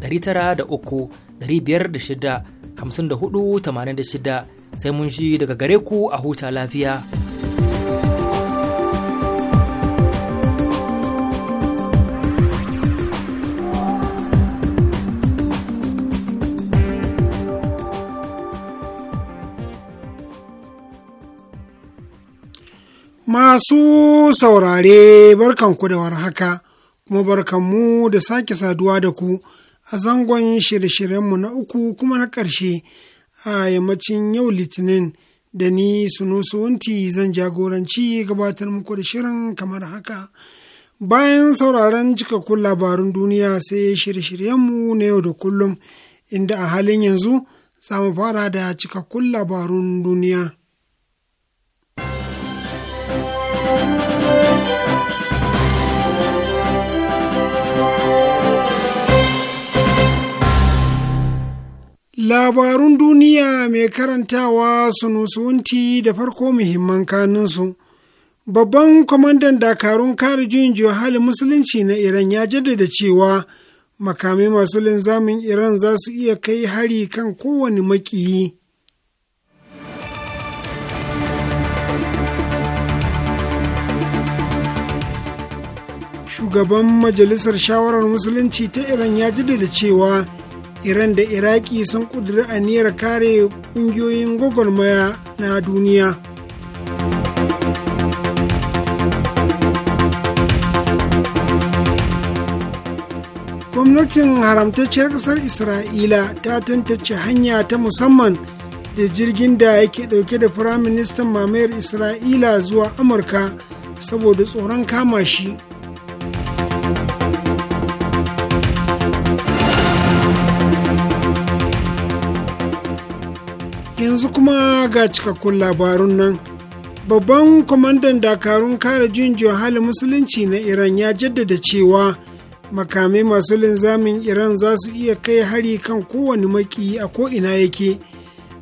9,500,6,54,86 sai mun shi daga gare ku a huta lafiya. Masu saurare barkanku da warhaka, kuma barkanmu da sake saduwa da ku. a zangon shirye-shiryenmu na uku kuma na ƙarshe a yammacin yau litinin da ni wunti zan jagoranci gabatar muku da shirin kamar haka bayan sauraron cikakkun labarun duniya sai shirye-shiryenmu na yau da kullum inda a halin yanzu za mu fara da cikakkun labarun duniya. Labarun duniya mai karantawa sunusunti da farko muhimman kanunsu. Babban kwamandan dakarun kare juyin juhali musulunci na Iran ya jaddada cewa makamai masu linzamin Iran za su iya kai hari kan kowane makiyi. Shugaban Majalisar Shawarar Musulunci ta Iran ya jaddada cewa iran da iraki sun ƙudiri aniyar kare ƙungiyoyin gwagwarmaya na duniya gwamnatin haramtacciyar ƙasar isra'ila ta tantance hanya ta musamman da jirgin da yake ɗauke da firaministan mamayar isra'ila zuwa amurka saboda tsoron kama shi yanzu kuma ga cikakkun labarun nan babban kwamandan dakarun kare juyin hali musulunci na iran ya jaddada cewa makamai masu linzamin iran za su iya kai hari kan kowane maki a ko'ina yake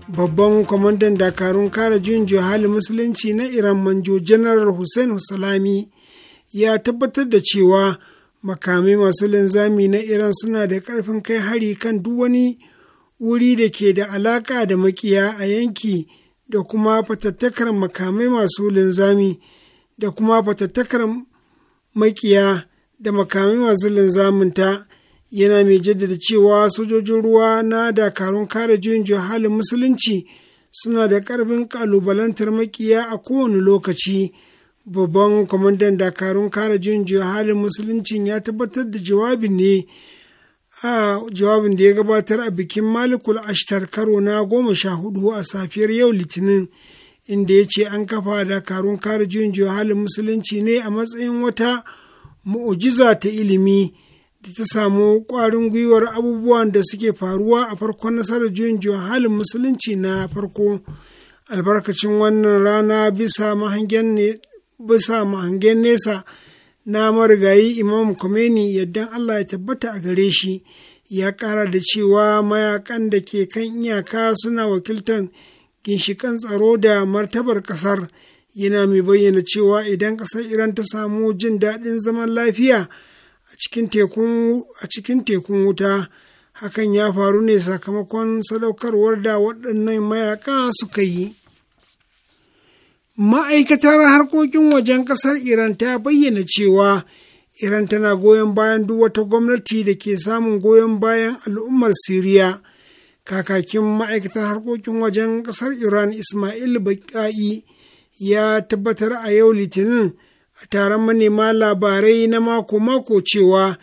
babban kwamandan dakarun kare juyin hali musulunci na iran manjo janar hussein salami ya tabbatar da cewa makamai masu linzami na iran suna da karfin kai hari kan duk wani wuri da ke da alaka da makiya a yanki da kuma fatattakar makamai masu linzami da kuma fatattakar makiya da makamai masu linzaminta yana mai jaddada cewa sojojin ruwa na dakarun kare juyin halin musulunci suna da ƙarfin ƙalubalantar makiya a kowane lokaci babban kwamandan dakarun kare juyin halin musuluncin ya tabbatar da jawabin ne a jawabin da ya gabatar a bikin malikul ashtar karo na goma sha hudu a safiyar yau litinin inda ya ce an kafa dakarun kare juyin halin musulunci ne a matsayin wata mu'ujiza ta ilimi da ta samu kwarin gwiwar abubuwan da suke faruwa a farkon nasarar juyin halin musulunci na farko albarkacin wannan rana bisa mahangen nesa na marigayi imam Khomeini yadda Allah ya tabbata a gare shi ya ƙara da cewa mayakan da ke kan iyaka suna wakiltar ginshikan tsaro da martabar ƙasar yana mai bayyana cewa idan ƙasar Iran ta samu jin daɗin zaman lafiya a cikin tekun wuta hakan ya faru ne sakamakon sadaukarwar da waɗannan mayaka suka yi. ma'aikatar harkokin wajen ƙasar iran ta bayyana cewa iran tana goyon bayan duk wata gwamnati da ke samun goyon bayan al'ummar siriya kakakin ma'aikatar harkokin wajen ƙasar iran ismail baƙa'i ya tabbatar a yau litinin a taron manema labarai na mako-mako cewa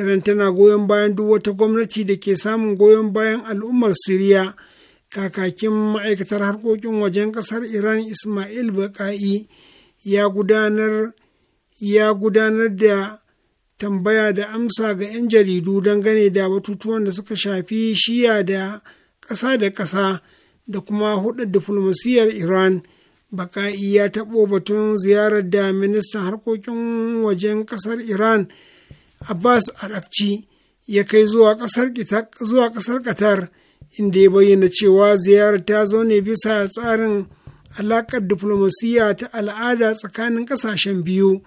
iran tana goyon bayan duk wata gwamnati da ke samun goyon bayan al'ummar siriya kakakin ma'aikatar harkokin wajen kasar iran ismail baƙa'i ya gudanar ya gudanar da tambaya da amsa ga 'yan jaridu gane da batutuwan da suka shafi shiya da ƙasa da ƙasa da kuma hudar diflomasiyyar iran baƙa'i ya taɓo batun ziyarar da ministan harkokin wajen ƙasar iran abbas arakci ya kai zuwa ƙasar qatar inda ya bayyana cewa ziyarar ta zo ne bisa tsarin alaƙar diflomasiyya ta al'ada tsakanin ƙasashen biyu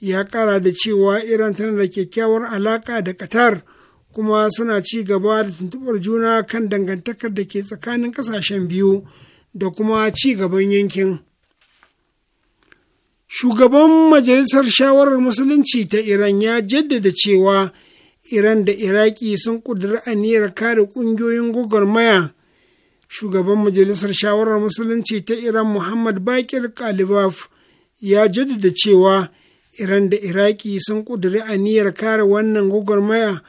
ya ƙara da cewa iran tana da kyakkyawar alaƙa da qatar kuma suna ci gaba da tuntuɓar juna kan dangantakar da ke tsakanin ƙasashen biyu da kuma ci gaban yankin shugaban majalisar shawarar musulunci ta iran ya jaddada cewa iran da iraki sun ƙudiri aniyar kare ƙungiyoyin gwagwarmaya shugaban majalisar shawarar musulunci ta iran muhammad bakir kalibaf ya jaddada cewa iran da iraki sun ƙudiri aniyar kare wannan gwagwarmaya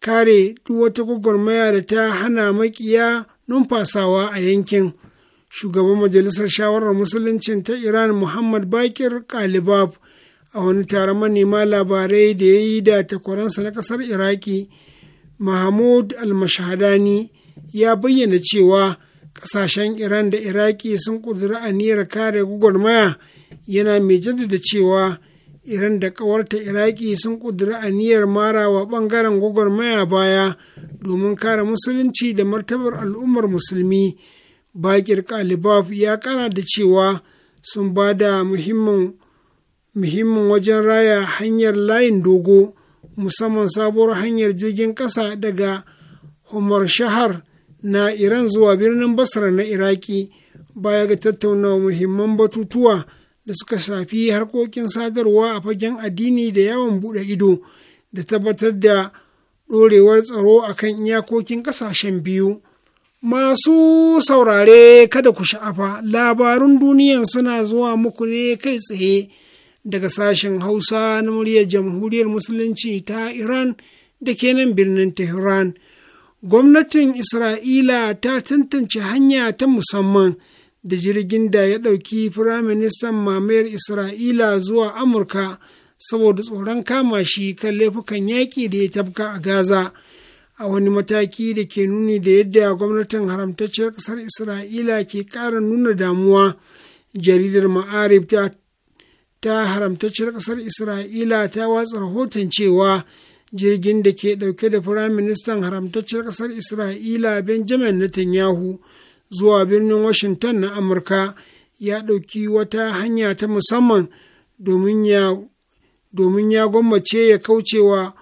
kare duk wata gwagwarmaya da ta hana makiya numfasawa a yankin shugaban majalisar shawarar musulunci ta iran muhammad bakir kalibab a wani taron manema labarai da ya yi da takwaransa na kasar iraki mahmud almashadani ya bayyana cewa kasashen iran da iraki sun ƙudiri aniyar kare gwagwarmaya yana mai jaddada cewa iran da kawarta iraki sun ƙudiri aniyar mara wa ɓangaren gwagwarmaya baya domin kare musulunci da martabar al'ummar musulmi bakir kalibaf ya kara da cewa sun ba da muhimmin muhimmin wajen raya hanyar layin dogo musamman sabuwar hanyar jirgin ƙasa daga homer Shahar na Iran zuwa birnin Basra na Iraki baya ga tattaunawa muhimman batutuwa da suka shafi harkokin sadarwa a fagen addini da yawon buɗe ido da tabbatar da ɗorewar tsaro a kan iyakokin ƙasashen biyu. Masu saurare kada ku sha'afa labarun duniyan suna zuwa muku ne kai tsaye. daga sashen Hausa na muryar Jamhuriyar Musulunci ta Iran da ke nan birnin Tehran. Gwamnatin Isra'ila ta tantance hanya ta musamman da jirgin da ya ɗauki Firaministan mamayar Isra'ila zuwa Amurka saboda tsoron kama shi kan laifukan yaƙi da ya tafka a Gaza. a wani mataki da ke nuni da yadda gwamnatin haramtacciyar ƙasar isra'ila ke ƙara nuna damuwa jaridar ma'arif ta ta haramtacciyar ƙasar isra'ila ta watsa rahoton cewa jirgin da ke ɗauke da firaministan haramtacciyar ƙasar isra'ila benjamin netanyahu zuwa birnin washington na amurka ya ɗauki wata hanya ta musamman domin ya gwammace ya kaucewa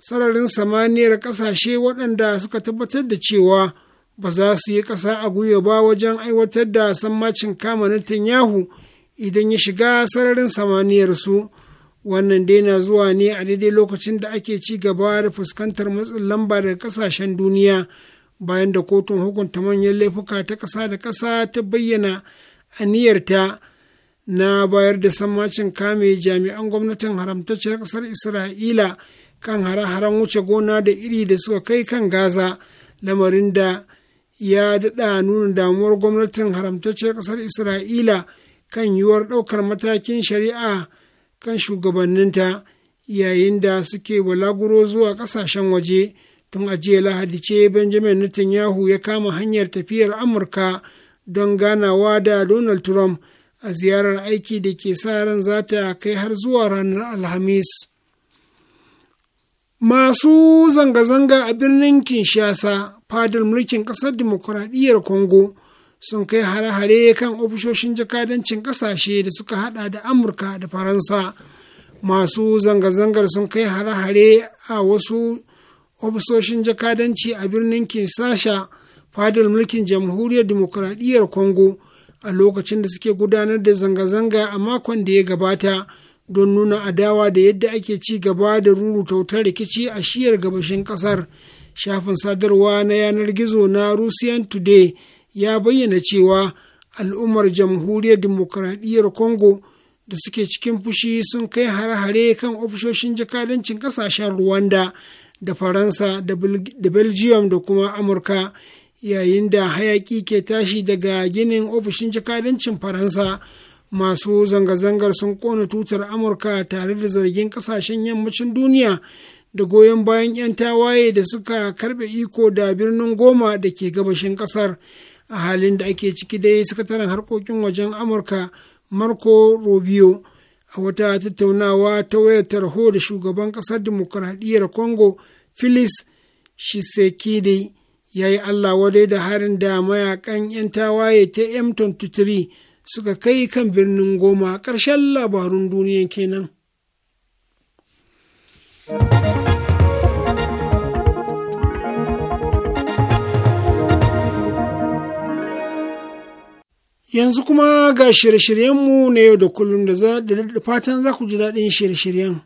sararin samaniyar ƙasashe waɗanda suka tabbatar da cewa ba za su yi ƙasa a gwiwa ba wajen aiwatar da sammacin kama Netanyahu yahu idan ya shiga sararin samaniyarsu wannan dai na zuwa ne a daidai lokacin da ake ci gaba da fuskantar matsin lamba daga kasashen duniya bayan da kotun hukunta manyan laifuka ta ƙasa da ƙasa ta bayyana aniyarta na bayar da sammacin kame jami'an gwamnatin haramtacciyar ƙasar isra'ila kan hare-haren wuce gona da iri da suka kai kan gaza lamarin da ya daɗa nuna damuwar gwamnatin haramtacciyar ƙasar isra'ila kan yiwuwar ɗaukar matakin shari'a kan shugabanninta yayin da suke balaguro zuwa ƙasashen waje tun a jiya lahadi ce benjamin netanyahu ya kama hanyar tafiyar amurka don ganawa da donald trump a ziyarar aiki da ke sa ran za ta kai har zuwa ranar alhamis masu zanga-zanga a birnin kinshasa fadar mulkin ƙasar dimokuraɗiyyar congo sun kai hare-hare kan ofishoshin jakadancin ƙasashe da suka hada da amurka da faransa masu zanga-zangar sun kai hare-hare a wasu ofisoshin jakadanci a birnin kinsasha fadar mulkin jamhuriyar demokuraɗiyyar congo a lokacin da suke gudanar da zanga-zanga a makon da ya gabata don nuna adawa da yadda ake ci gaba da rurutautar rikici a shiyar gabashin kasar shafin sadarwa na yanar gizo na russian today ya bayyana cewa al'ummar jamhuriyar dimokuraɗiyyar congo da suke cikin fushi sun kai hare-hare kan ofishoshin jakadancin ƙasashen rwanda da faransa da belgium da kuma amurka yayin da hayaƙi ke tashi daga ginin ofishin jakadancin faransa masu zanga-zangar sun kona tutar amurka tare da zargin ƙasashen yammacin duniya da goyon bayan 'yan tawaye da suka karɓe iko da birnin goma da ke gabashin ƙasar. a halin da ake ciki dai sakataren harkokin wajen amurka marco rubio a wata tattaunawa ta wayar tarho da shugaban kasar demokuraɗiyyar congo felix shisekedi ya yi allah wadai da harin da mayakan 'yan tawaye ta m23 suka kai kan birnin goma ƙarshen labarun duniya kenan. Yanzu kuma ga shirye-shiryenmu na yau da kullum da fatan za ku ji daɗin shirye-shiryen.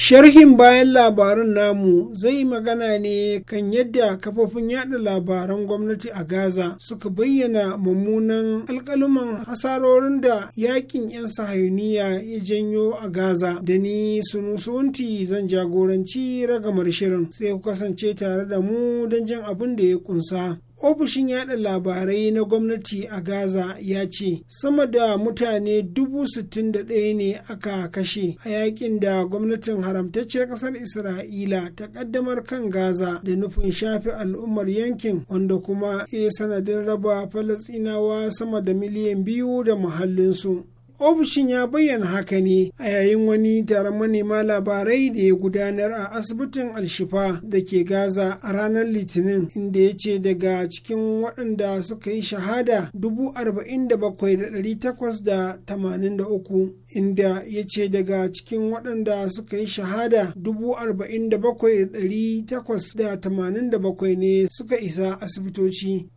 Sharhin bayan labarun namu zai yi magana ne kan yadda kafofin yada labaran gwamnati a Gaza suka bayyana mummunan alkaluman hasarorin da yakin 'yan sahayuniya ya janyo a Gaza da ni sunusunti zan jagoranci ragamar shirin sai ku kasance tare da mu don jan abin da ya kunsa. ofishin yada labarai na gwamnati a gaza ya ce sama da mutane dubu sittin da ɗaya ne aka kashe a yakin da gwamnatin haramtacciyar ƙasar isra'ila ta ƙaddamar kan gaza da nufin shafe al'ummar yankin wanda kuma ya sanadin raba falasinawa sama da miliyan biyu da muhallinsu ofishin ya bayyana haka ne a yayin wani taron manema labarai da ya gudanar a asibitin alshifa da ke gaza a ranar litinin inda ya ce daga cikin waɗanda suka yi shahada 47,883 inda ya ce daga cikin waɗanda suka yi shahada 47,887 ne suka isa asibitoci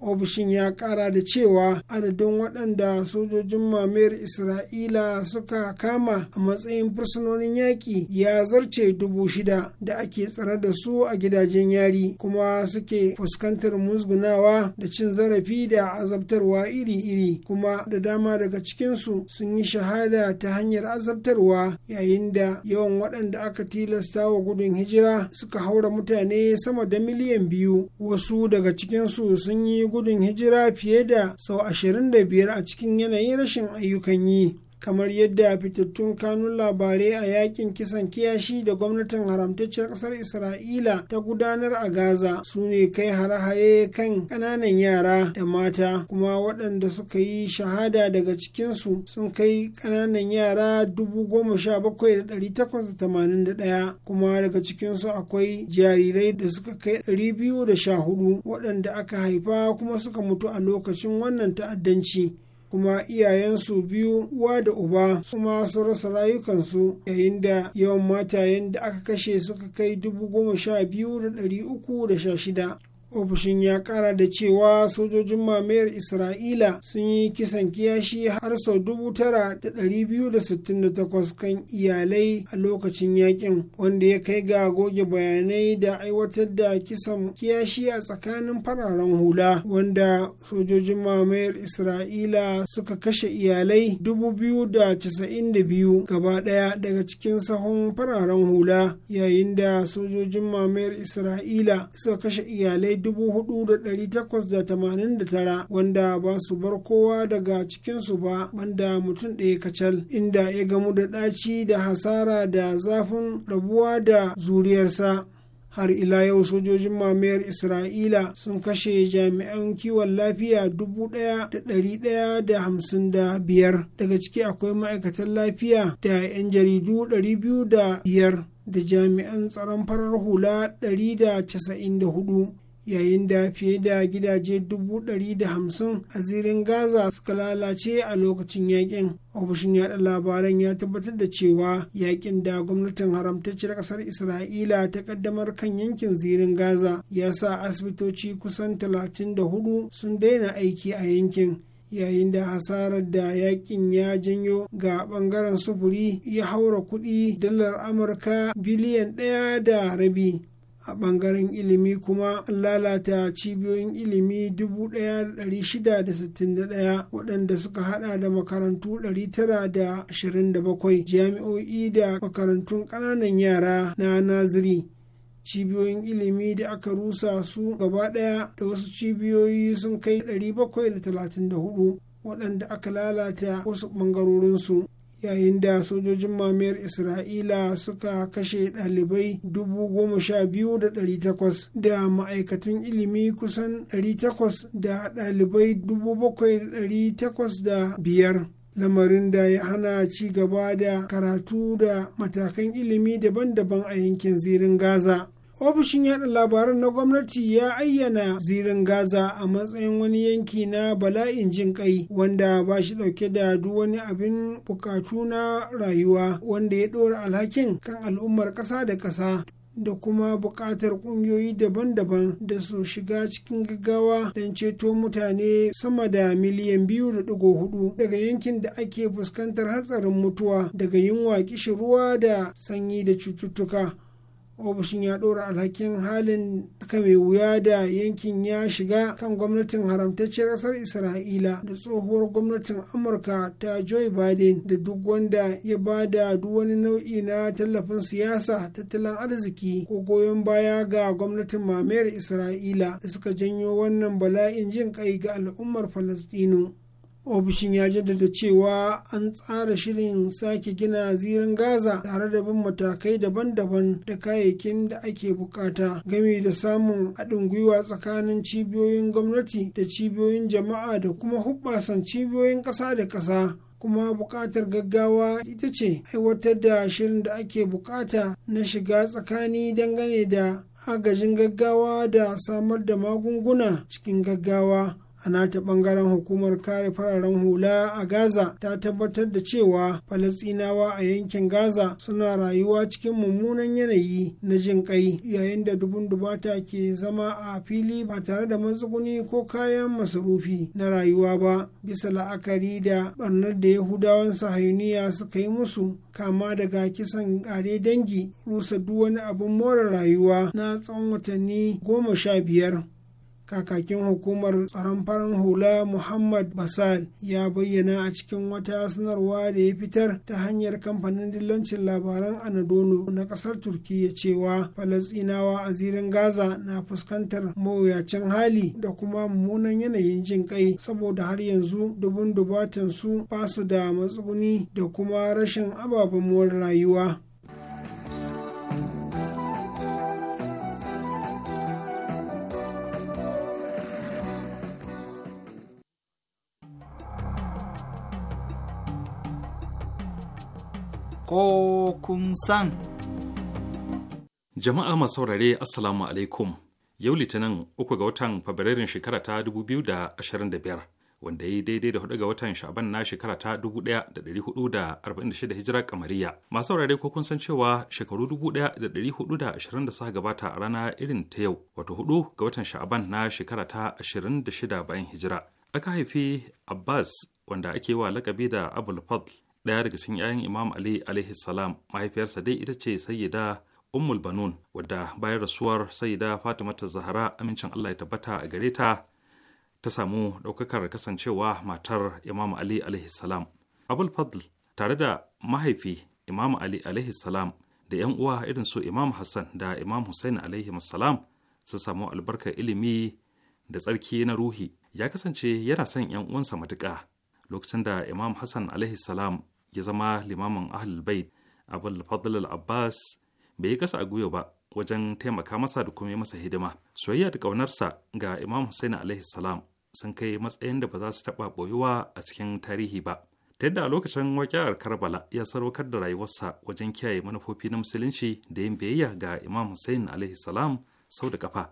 ofishin ya kara da cewa adadin waɗanda sojojin mamayar isra'ila suka kama a matsayin fursunonin yaƙi ya zarce dubu shida da ake tsare da su a gidajen yari kuma suke fuskantar musgunawa da cin zarafi da azabtarwa iri-iri kuma da dama daga cikinsu sun yi shahada ta hanyar azabtarwa yayin da yawan waɗanda aka tilasta wa gudun hijira suka haura mutane sama da miliyan biyu wasu daga cikinsu sun yi gudun hijira fiye da sau 25 a cikin yanayin rashin ayyukan yi kamar yadda fitattun kanun labarai a yakin kisan kiyashi da gwamnatin haramtacciyar kasar isra'ila ta gudanar a gaza su ne kai hare-hare kan kananan yara da mata kuma waɗanda suka yi shahada daga cikinsu sun kai kananan yara 17,881 kuma daga cikinsu akwai jarirai da suka kai 214 waɗanda aka haifa kuma suka mutu a lokacin wannan ta'addanci kuma iyayensu biyu uwa da uba su ma su rasa rayukansu yayin da yawan matayen da aka kashe suka kai dubu goma sha biyu da ɗari uku da sha shida ofishin ya kara da cewa sojojin mamayar isra'ila sun yi kisan kiyashi har sau dubu tara da da da biyu sittin takwas kan iyalai a lokacin yakin wanda ya kai ga goge bayanai da aiwatar da kisan kiyashi a tsakanin fararen hula wanda sojojin mamayar isra'ila suka kashe iyalai dubu biyu da da casa'in biyu gaba daya daga cikin sahun fararen hula yayin da sojojin mamayar isra'ila suka kashe iyalai 4,889 wanda ba su bar kowa daga cikinsu ba banda mutum ɗaya kacal inda ya gamu da ɗaci da hasara da zafin rabuwa da zuriyarsa har ila yau sojojin mamayar isra'ila sun kashe jami'an kiwon lafiya dubu ɗaya da ɗari ɗaya da hamsin da biyar daga ciki akwai ma'aikatan lafiya da 'yan jaridu ɗari da biyar da jami'an tsaron farar hula ɗari da casa'in da hudu yayin da fiye da gidaje dubu da hamsin a zirin gaza suka lalace a lokacin yakin ofishin yada labaran ya tabbatar da cewa yakin da gwamnatin haramtacciyar ƙasar isra'ila ta kaddamar kan yankin zirin gaza ya sa asibitoci kusan talatin da hudu sun daina aiki a yankin yayin da hasarar da yakin ya janyo ga bangaren sufuri ya haura kuɗi dalar amurka biliyan ɗaya da rabi a ɓangaren ilimi kuma an lalata cibiyoyin ilimi 1661 waɗanda suka hada da makarantu 927 jami'o'i da makarantun ƙananan yara na naziri cibiyoyin ilimi da aka rusa su gaba ɗaya da wasu cibiyoyi sun kai 734 waɗanda aka lalata wasu ɓangarorinsu yayin da sojojin mamayar isra'ila suka kashe ɗalibai 12,800 da ma'aikatan ilimi kusan 800 da ɗalibai biyar lamarin da ya hana ci gaba da karatu da matakan ilimi daban-daban a yankin zirin gaza ofishin yada labaran na gwamnati ya ayyana zirin gaza a matsayin wani yanki na bala'in jin kai wanda ba shi dauke da duk wani abin bukatu na rayuwa wanda ya ɗora alhakin kan al'ummar ƙasa da ƙasa da kuma buƙatar ƙungiyoyi daban-daban da su shiga cikin gaggawa don ceto mutane sama da miliyan biyu da ɗigo hudu daga yankin da ake fuskantar hatsarin mutuwa daga yunwa kishin ruwa da sanyi da cututtuka. ofishin ya ɗora alhakin halin ka mai wuya da yankin ya shiga kan gwamnatin haramtacciyar ƙasar isra'ila da tsohuwar gwamnatin amurka ta joe biden da duk wanda ya ba da duk wani nau'i na tallafin siyasa tattalin arziki ko goyon baya ga gwamnatin mamayar isra'ila da suka janyo wannan bala'in jin kai ga al'ummar falastinu ofishin ya jaddada cewa an tsara shirin sake gina zirin gaza tare da bin matakai daban-daban da kayayyakin da ake bukata game da samun haɗin gwiwa tsakanin cibiyoyin gwamnati da cibiyoyin jama'a da kuma hubbasan cibiyoyin ƙasa da ƙasa kuma buƙatar gaggawa ita ce aiwatar da shirin da ake bukata na shiga tsakani dangane da agajin gaggawa da samar da magunguna cikin gaggawa a nata bangaren hukumar kare fararen hula a gaza ta tabbatar da cewa falasinawa a yankin gaza suna rayuwa cikin mummunan yanayi na jin kai yayin da dubun dubata ke zama a fili ba tare da matsuguni ko kayan masarufi na rayuwa ba bisa la'akari da barnar da yahudawan sahayuniya suka yi musu kama daga kisan kare dangi rusa duk wani abin more rayuwa na tsawon watanni goma sha biyar kakakin hukumar tsaron farin hula muhammad basal ya bayyana a cikin wata sanarwa da ya fitar ta hanyar kamfanin dillancin labaran anadolu na kasar Turkiyya cewa falasinawa a zirin gaza na fuskantar mawuyacin hali da kuma mummunan yanayin jin kai saboda har yanzu dubun dubatan su ba su da matsuguni da kuma rashin ababen rayuwa ko kun san. Jama'a masu saurare Assalamu alaikum. Yau Litinin uku ga watan Fabrairun shekara ta 2025 wanda ya yi daidai da hudu ga watan Shaban na shekara ta 1446 hijira kamariya. Masu saurare ko kun san cewa shekaru 1420 da suka gabata a rana irin ta yau wato hudu ga watan Shaban na shekara ta 26 bayan hijira. Aka haifi Abbas wanda ake wa lakabi da Abul Fadl daya daga cikin 'ya'yan imam ali alaihi salam mahaifiyarsa dai ita ce sayyida ummul banun wadda bayan rasuwar sayyida Fatima ta zahara amincin allah ya tabbata a gare ta ta samu ɗaukakar kasancewa matar imam ali alaihi salam abul fadl tare da mahaifi imam ali alaihi salam da 'yan uwa irin su imam hassan da imam hussein alaihi salam sun samu albarkar ilimi da tsarki na ruhi ya kasance yana son 'yan uwansa matuka. lokacin da imam hassan alaihi salam ya zama limamin ahlul bait abul fadl abbas bai yi kasa a gwiwa ba wajen taimaka masa da kuma masa hidima soyayya da ƙaunarsa ga imam hussein alaihi salam sun kai matsayin da ba za su taɓa ɓoyuwa a cikin tarihi ba ta yadda a lokacin waƙiyar karbala ya sarwakar da rayuwarsa wajen kiyaye manufofi na musulunci da yin biyayya ga imam hussein alaihi salam sau da kafa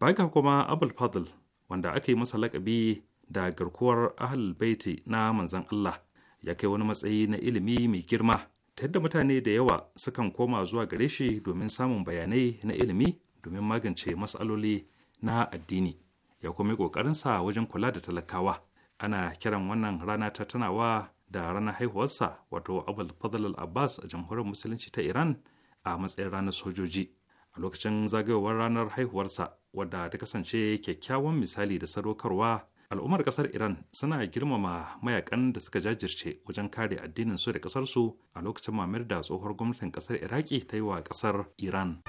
baga kuma abul fadl wanda aka yi masa laƙabi da garkuwar ahal baiti na manzan Allah ya kai wani matsayi na ilimi mai girma ta yadda mutane da yawa sukan koma zuwa gare shi domin samun bayanai na ilimi domin magance matsaloli na addini ya kuma yi ƙoƙarinsa wajen kula da talakawa ana kiran wannan rana ta tanawa da ranar haihuwarsa wato abul fadl abbas a jamhuriyar musulunci ta iran a matsayin ranar sojoji a lokacin zagayowar ranar haihuwarsa wadda ta kasance kyakkyawan misali da sadaukarwa al'ummar kasar iran suna girmama mayakan da suka jajirce wajen kare addinin su da kasarsu a lokacin mamayar da tsohuwar gwamnatin kasar iraki ta yi wa kasar iran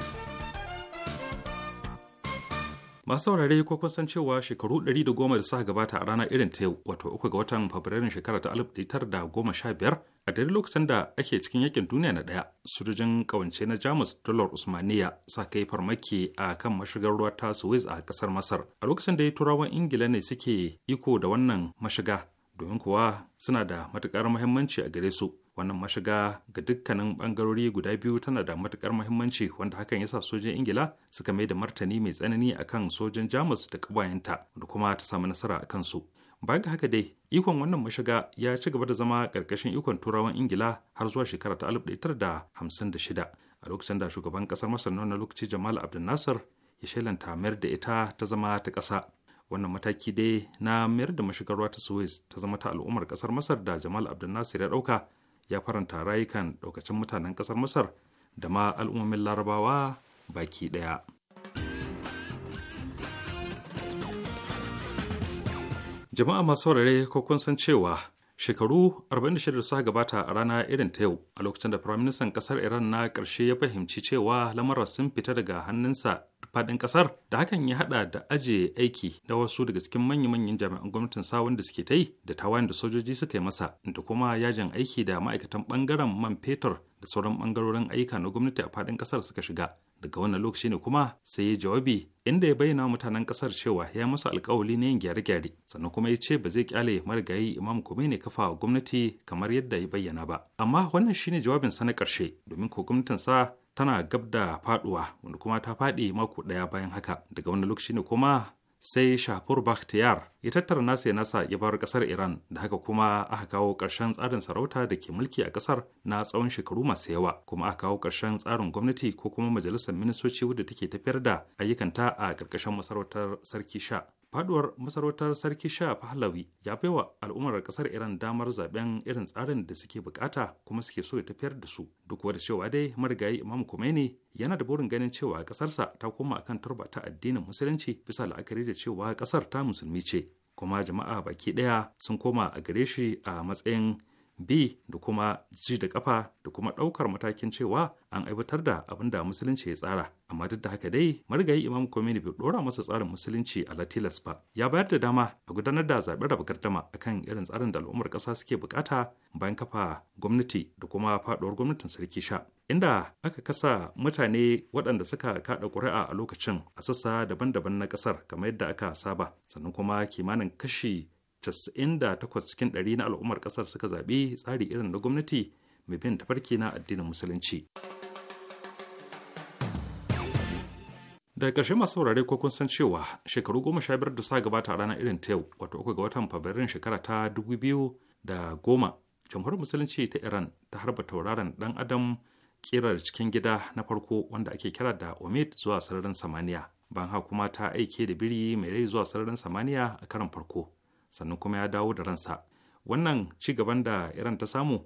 masu saurare ko kun san cewa shekaru 110 da suka gabata a ranar irin ta yau wato uku ga watan fabrairun shekara ta 1915 a dare lokacin da ake cikin yakin duniya na daya sojojin kawance na jamus dolar usmaniya sa kai farmaki a kan mashigar ruwa ta suez a kasar masar a lokacin da turawan ingila ne suke iko da wannan mashiga domin kuwa suna da matukar muhimmanci a gare su wannan mashiga ga dukkanin bangarori guda biyu tana da matukar muhimmanci wanda hakan yasa sojin ingila suka mai da martani mai tsanani akan sojin jamus da kabayanta da kuma ta samu nasara a kansu bayan ga haka dai ikon wannan mashiga ya ci gaba da zama karkashin ikon turawan ingila har zuwa shekara ta da da hamsin shida a lokacin da shugaban kasar masar na lokaci jamal abdul nasir ya shelanta mayar da ita ta zama ta ƙasa wannan mataki dai na mayar da mashigar ruwa ta suez ta zama ta al'ummar kasar masar da jamal abdul nasir ya ɗauka ya faranta rayukan daukacin mutanen kasar masar da ma al'ummomin larabawa baki ɗaya jama'a masu saurare ko kun san cewa shekaru 46 da suka gabata a rana irin ta yau a lokacin da firaministan ƙasar iran na ƙarshe ya fahimci cewa lamarar sun fita daga hannunsa faɗin ƙasar da hakan ya haɗa da ajiye aiki da wasu daga cikin manya-manyan jami'an gwamnatin sa wanda suke ta yi da tawayen da sojoji suka yi masa da kuma yajin aiki da ma'aikatan ɓangaren man fetur da sauran ɓangarorin ayyuka na gwamnati a faɗin ƙasar suka shiga daga wannan lokaci ne kuma sai ya jawabi inda ya bayyana mutanen ƙasar cewa ya musu alkawali na yin gyare-gyare sannan kuma ya ce ba zai kyale marigayi imam kome ne kafa gwamnati kamar yadda ya bayyana ba amma wannan shine jawabin sa na karshe domin ko gwamnatin sa tana gab da faduwa wanda kuma ta fadi mako daya bayan haka daga wani lokaci ne kuma sai shafur bakhtiyar ya tattara nasa ya nasa ya bar kasar iran da haka kuma aka kawo karshen tsarin sarauta da ke mulki a kasar na tsawon shekaru masu yawa kuma aka kawo karshen tsarin gwamnati ko kuma majalisar ministoci wadda take tafiyar da ayyukanta a ƙarƙashin masarautar sarki sha faduwar masarautar sarki sha pahlavi ya baiwa al'ummar kasar iran damar zaben irin tsarin da suke bukata kuma suke so ya tafiyar da su duk da cewa dai marigayi imam kumaini yana da burin ganin cewa kasarsa ta koma akan turba ta addinin musulunci bisa la'akari da cewa kasar ta musulmi ce kuma jama'a baki daya sun koma a gare shi a matsayin B, da kuma ji da kafa da kuma ɗaukar matakin cewa an aiwatar da abin da musulunci ya tsara amma duk da haka dai marigayi imam komini bai ɗora masa tsarin musulunci a latilas ba ya bayar da dama a gudanar da zaɓen raba gardama akan irin tsarin da al'ummar ƙasa suke bukata bayan kafa gwamnati da kuma faɗuwar gwamnatin sarki sha inda aka kasa mutane waɗanda suka kaɗa ƙuri'a a lokacin a sassa daban-daban na ƙasar kamar yadda aka saba sannan kuma kimanin kashi 98 cikin 100 na al'ummar kasar suka zaɓi tsari irin na gwamnati mai bin tafarki na addinin musulunci. daga ƙarshe masu saurare ko kun san cewa shekaru goma sha biyar da sa gabata a ranar irin ta yau wato uku ga watan fabrairun shekara ta dubu biyu da goma jamhuriyar musulunci ta iran ta harba tauraron dan adam kirar cikin gida na farko wanda ake kira da omid zuwa sararin samaniya ban ha kuma ta aike da biri mai rai zuwa sararin samaniya a karan farko sannan kuma ya dawo da ransa wannan ci gaban da iran ta samu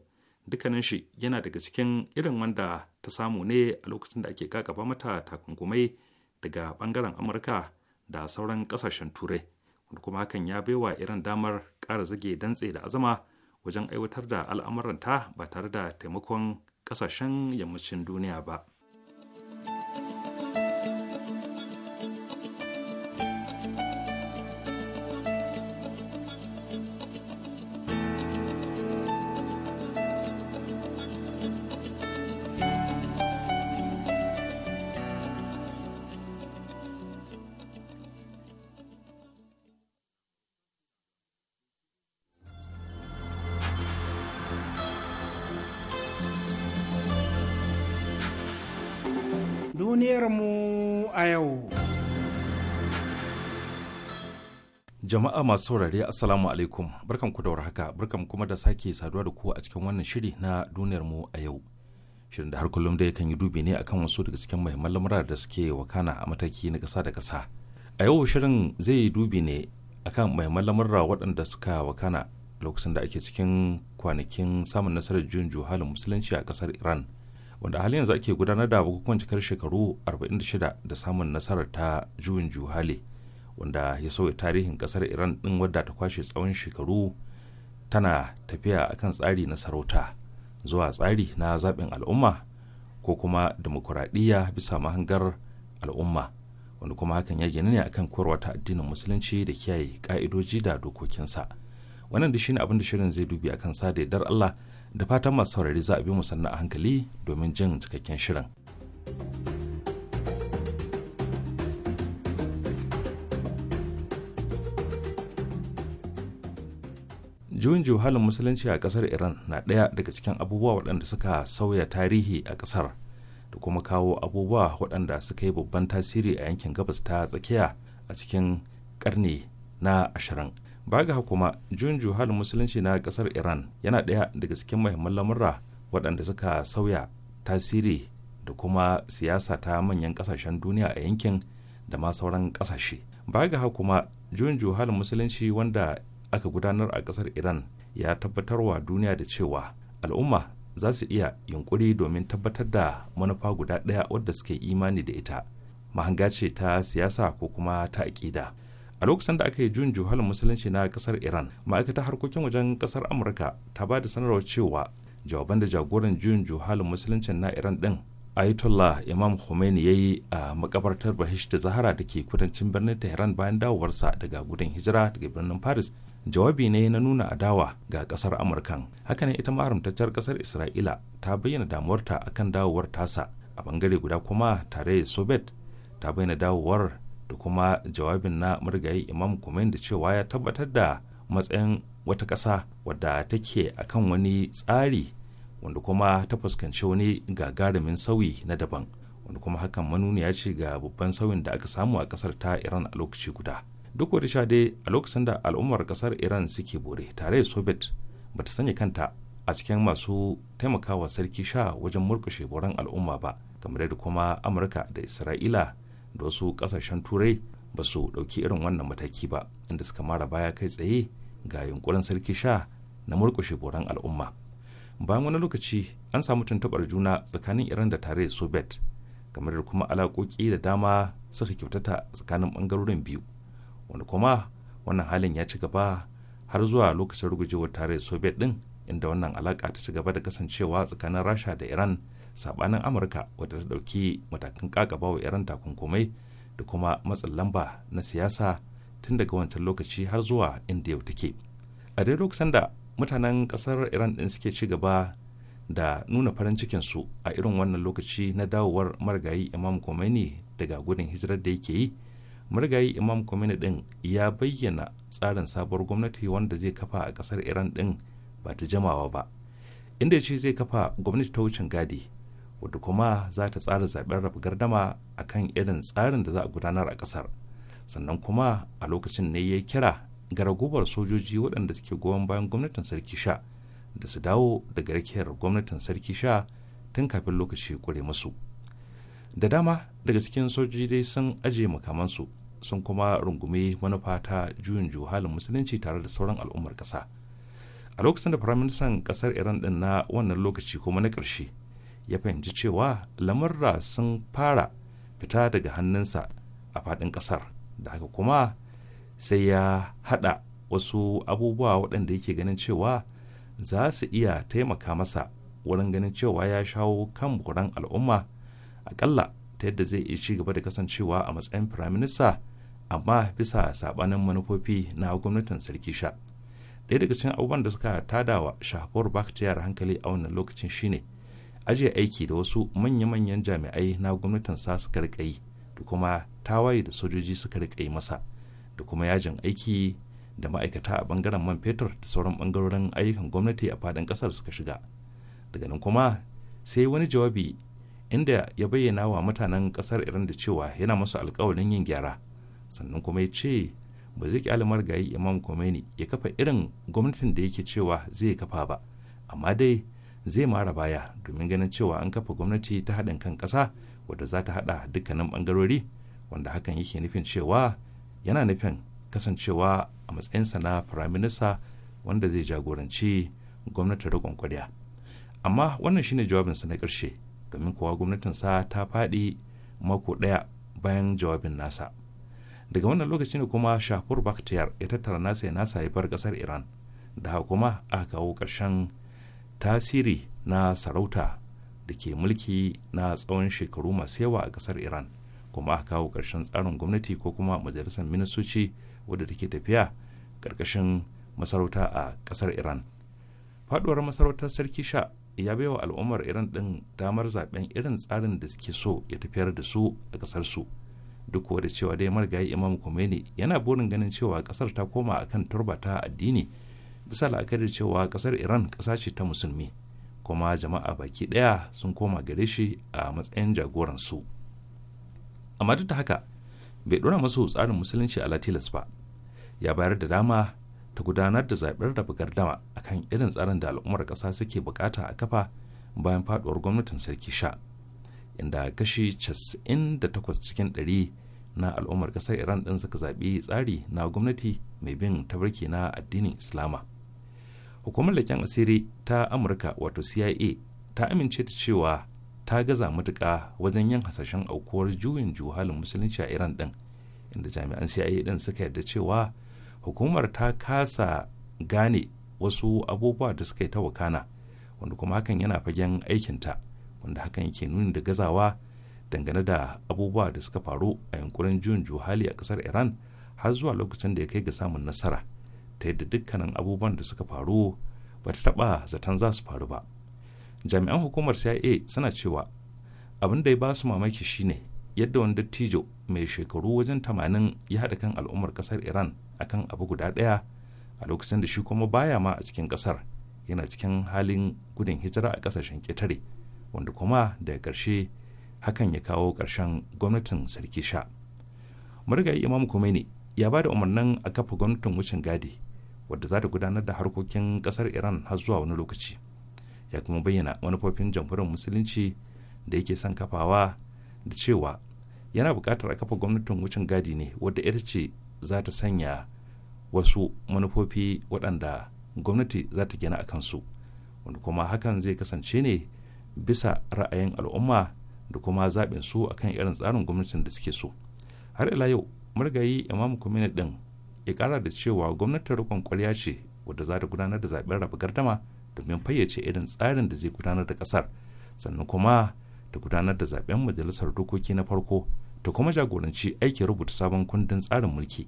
dukkanin shi yana daga cikin irin wanda ta samu ne a lokacin da ake kakaba mata takunkumai daga bangaren amurka da sauran kasashen turai wanda kuma hakan ya baiwa iran damar ƙara zage dantse da azama wajen aiwatar da al'amuranta ba tare da taimakon ƙasashen yammacin duniya ba Jama'a masu saurare Assalamu alaikum barkan ku da warhaka barkan kuma da sake saduwa da ku a cikin wannan shiri na duniyar mu a yau. Shirin da har kullum dai kan yi dubi ne akan wasu daga cikin muhimman lamura da suke wakana a mataki na kasa da kasa A yau shirin zai yi dubi ne akan muhimman lamura waɗanda suka wakana lokacin da ake cikin kwanakin samun nasarar juyin juhalin musulunci a kasar Iran. wanda a halin yanzu ake gudanar da bukukuwan cikar shekaru 46 da samun nasarar ta juyin juhali wanda ya sauya tarihin kasar iran din wadda ta kwashe tsawon shekaru tana tafiya akan tsari na sarauta zuwa tsari na zaɓin al'umma ko kuma demokuraɗiyya bisa mahangar al'umma wanda kuma hakan ya gani ne akan koyarwa ta addinin musulunci da kiyaye ka'idoji da dokokinsa wannan da shine abin da shirin zai dubi akan sa da yardar Allah da fatan masu saurari za a bi mu sannan a hankali domin jin cikakken shirin. juyin juhalin musulunci a kasar iran na ɗaya daga cikin abubuwa waɗanda suka sauya tarihi a kasar da kuma kawo abubuwa waɗanda suka yi babban tasiri a yankin gabas ta tsakiya a cikin ƙarni na ashirin baga kuma juyin juhalin musulunci na kasar iran yana ɗaya daga cikin muhimman lamurra waɗanda suka sauya tasiri da kuma siyasa ta manyan ƙasashen duniya a yankin da ma sauran ƙasashe baga kuma juyin juhalin musulunci wanda aka gudanar a kasar iran ya tabbatar wa duniya da cewa al'umma za su iya yunkuri domin tabbatar da manufa guda ɗaya wadda suke imani da ita mahanga ce ta siyasa ko kuma ta aƙida a lokacin da aka yi jun juhalin musulunci na kasar iran ma'aikatar harkokin wajen kasar amurka ta ba da sanarwar cewa jawaban da jagoran jun juhalin musulunci na iran din ayatollah imam khomeini ya yi a makabartar bahish da zahara da ke kudancin birnin tehran bayan dawowarsa daga gudun hijira daga birnin paris jawabi ne na nuna adawa ga kasar amurkan ne ita ma kasar isra'ila ta bayyana damuwarta akan dawowar tasa a bangare guda kuma tare da soviet ta bayyana dawowar da kuma jawabin na murgaye imam kumain da cewa ya tabbatar da matsayin wata ƙasa wadda take akan wani tsari wanda kuma ta fuskanci wani gagarumin sauyi na daban wanda kuma hakan manuniya ce ga babban sauyin da aka samu a ƙasar ta iran a lokaci guda duk wata sha dai a lokacin da al'ummar kasar iran suke bore tare da soviet ba ta sanya kanta a cikin masu taimakawa sarki sha wajen murkushe boran al'umma ba kamar da kuma amurka da isra'ila da wasu kasashen turai ba su ɗauki irin wannan mataki ba inda suka mara baya kai tsaye ga yunkurin sarki sha na murkushe boran al'umma bayan wani lokaci an samu tuntuɓar juna tsakanin iran da tare soviet kamar da kuma alaƙoƙi da dama suka kyautata tsakanin ɓangarorin biyu wanda kuma wannan halin ya ci gaba har zuwa lokacin rugujewar tare soviet din inda wannan alaka ta ci gaba da kasancewa tsakanin rasha da iran sabanin amurka wadda ta dauki matakan kakaba wa iran takunkumai da kuma matsin lamba na siyasa tun daga wancan lokaci har zuwa inda yau take a dai lokacin da mutanen kasar iran din suke ci gaba da nuna farin cikin su a irin wannan lokaci na dawowar marigayi imam khomeini daga gudun hijirar da yake yi murgayi imam kwamini din ya bayyana tsarin sabuwar gwamnati wanda zai kafa a kasar iran din ba ta jamawa ba inda ya ce zai kafa gwamnati ta wucin gadi wadda kuma za ta tsara zaɓen raba gardama a kan irin tsarin da za a gudanar a kasar sannan kuma a lokacin ne ya kira ga raguwar sojoji waɗanda suke goyon bayan gwamnatin sarki sha da su dawo daga rakiyar gwamnatin sarki sha tun kafin lokaci kure musu da dama daga cikin sojoji dai sun ajiye makamansu sun kuma rungumi manufa ta juyin halin musulunci tare da sauran al'ummar ƙasa a lokacin da firaministan ƙasar iran ɗin na wannan lokaci kuma na ƙarshe ya fahimci cewa lamarra sun fara fita daga hannunsa a faɗin ƙasar da haka kuma sai ya haɗa wasu abubuwa waɗanda yake ganin cewa za su iya taimaka masa wurin ganin cewa ya shawo kan buran al'umma aƙalla ta yadda zai iya ci gaba da kasancewa a matsayin firaminista amma bisa sabanin manufofi na gwamnatin sarki sha ɗaya daga cikin abubuwan da suka tada wa shahabuwar bakhtiyar hankali a wannan lokacin shine ajiye aiki da wasu manya-manyan jami'ai na gwamnatin sa suka rika yi da kuma tawaye da sojoji suka rika yi masa da kuma yajin aiki da ma'aikata a bangaren man fetur da sauran bangarorin ayyukan gwamnati a fadin ƙasar suka shiga daga nan kuma sai wani jawabi inda ya bayyana wa mutanen ƙasar iran da cewa yana masu alkawarin yin gyara sannan kuma ya ce ba zai kyale marigayi imam Khomeini ya kafa irin gwamnatin da yake cewa zai kafa ba amma dai zai mara baya domin ganin cewa an kafa gwamnati ta haɗin kan ƙasa wadda za ta haɗa dukkanin ɓangarori wanda hakan yake nufin cewa yana nufin kasancewa a matsayinsa na firaminista wanda zai jagoranci gwamnatin riƙon ƙwarya amma wannan shine jawabinsa na ƙarshe domin kuwa gwamnatinsa ta faɗi mako ɗaya bayan jawabin nasa daga wannan lokaci ne kuma shafur bakhtiyar ya tattara nasa ya nasa haifar kasar iran da kuma aka kawo ƙarshen tasiri na sarauta da ke mulki na tsawon shekaru masu yawa a kasar iran kuma aka kawo ƙarshen tsarin gwamnati ko kuma majalisar ministoci wadda take tafiya ƙarƙashin masarauta a kasar iran faduwar masarautar sarki sha ya baiwa al'ummar iran din damar zaben irin tsarin da suke so ya tafiyar da su a kasar su duk da cewa dai marigayi imam Khomeini yana burin ganin cewa kasar ta koma akan turba ta addini bisa la'akari cewa kasar iran kasa ce ta musulmi kuma jama'a baki daya sun koma gare shi a matsayin jagoransu amma duk da haka bai dora masu tsarin musulunci a latilas ba ya bayar da dama ta gudanar da zaɓen bugar dama akan irin tsarin da al'ummar ƙasa suke bukata a kafa bayan faduwar gwamnatin sarki sha inda kashi 98 cikin 100 na al'ummar kasar iran din suka zaɓi tsari na gwamnati mai bin tabarki na addinin islama hukumar leƙen asiri ta amurka wato cia ta amince ta cewa ta gaza matuka wajen yin hasashen aukuwar juyin juhalin musulunci a iran din inda jami'an cia din suka yarda cewa hukumar ta kasa gane wasu abubuwa da suka yi ta wakana wanda kuma hakan yana fagen aikinta wanda hakan yake nuni da gazawa dangane da abubuwa da suka faru a yankunan juyin juhali a kasar iran har zuwa lokacin da ya kai ga samun nasara ta yadda dukkanin abubuwan da suka faru ba ta taɓa zaton za su faru ba jami'an hukumar cia suna cewa abin da ya ba su mamaki shine yadda wani dattijo mai shekaru wajen tamanin ya haɗa kan al'ummar kasar iran akan abu guda ɗaya a lokacin da shi kuma baya ma a cikin kasar yana cikin halin gudun hijira a ƙasashen ƙetare wanda kuma da ƙarshe hakan ya kawo ƙarshen gwamnatin sarki sha murgayi imam khomeini ya ba da umarnin a kafa gwamnatin wucin gadi wadda za ta gudanar da harkokin ƙasar iran har zuwa wani lokaci ya kuma bayyana manufofin jamhuriyar musulunci da yake son kafawa da cewa yana buƙatar a kafa gwamnatin wucin gadi ne wadda ita ce za ta sanya wasu manufofi waɗanda gwamnati za ta gina a kansu wanda kuma hakan zai kasance ne bisa ra'ayin al'umma da kuma zaɓin su kan irin tsarin gwamnatin da suke so har ila yau margayi imam kumini ɗin ya ƙara da cewa gwamnatin rikon kwarya ce wadda za ta gudanar da zaɓen raba gardama domin fayyace irin tsarin da zai gudanar da ƙasar sannan kuma ta gudanar da zaɓen majalisar dokoki na farko ta kuma jagoranci aikin rubuta sabon kundin tsarin mulki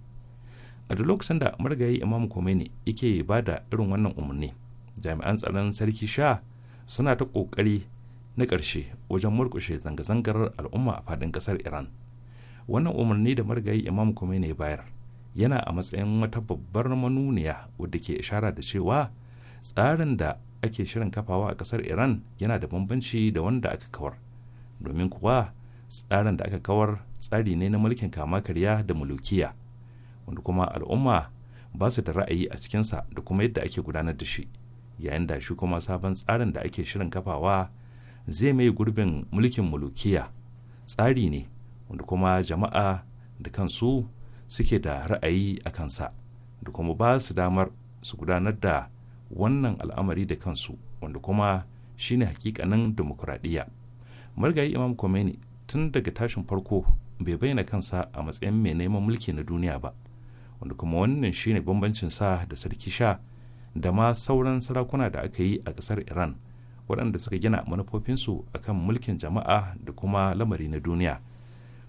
a duk lokacin da margayi imam kumini yake ba da irin wannan umarni jami'an tsaron sarki sha suna ta kokari na ƙarshe wajen murƙushe zanga-zangar al'umma a faɗin ƙasar iran wannan umarni da marigayi imam Khomeini ne bayar yana a matsayin wata babbar manuniya wadda ke ishara da cewa tsarin da ake shirin kafawa a ƙasar iran yana da bambanci da wanda aka kawar domin kuwa tsarin da aka kawar tsari ne na mulkin kama karya da mulukiya wanda kuma al'umma ba su da ra'ayi a cikinsa da kuma yadda ake gudanar da shi yayin da shi kuma sabon tsarin da ake shirin kafawa zai mai gurbin mulkin mulukiya tsari ne wanda kuma jama'a da kansu suke da ra'ayi a kansa da kuma ba su damar su gudanar da wannan al'amari da kansu wanda kuma shine hakikanin demokuraɗiyya margayi imam Khomeini tun daga tashin farko bai bayyana kansa a matsayin mai neman mulki na duniya ba wanda kuma wannan shine bambancin sa da sarki sha da ma sauran sarakuna da aka yi a ƙasar iran waɗanda suka gina manufofinsu a kan mulkin jama'a da kuma lamari na duniya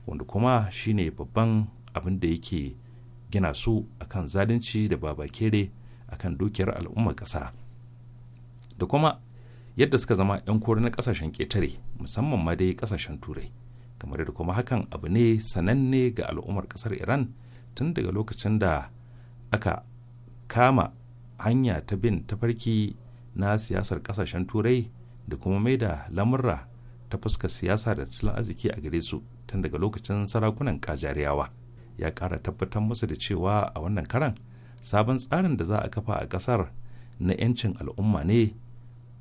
wanda kuma shine babban abin da yake gina su a kan zalunci da babakere kan dukiyar al'ummar ƙasa da kuma yadda suka zama 'yan kori na ƙasashen ƙetare musamman ma dai ƙasashen turai kamar da kuma hakan abu ne sananne ga al'ummar ƙasar iran tun daga lokacin da aka kama hanya ta bin tafarki na siyasar kasashen turai da kuma mai da lamurra ta fuskar siyasa da tattalin arziki a gare su tun daga lokacin sarakunan kajariyawa ya kara tabbatar musu da cewa a wannan karan sabon tsarin da za a kafa a kasar na 'yancin al'umma ne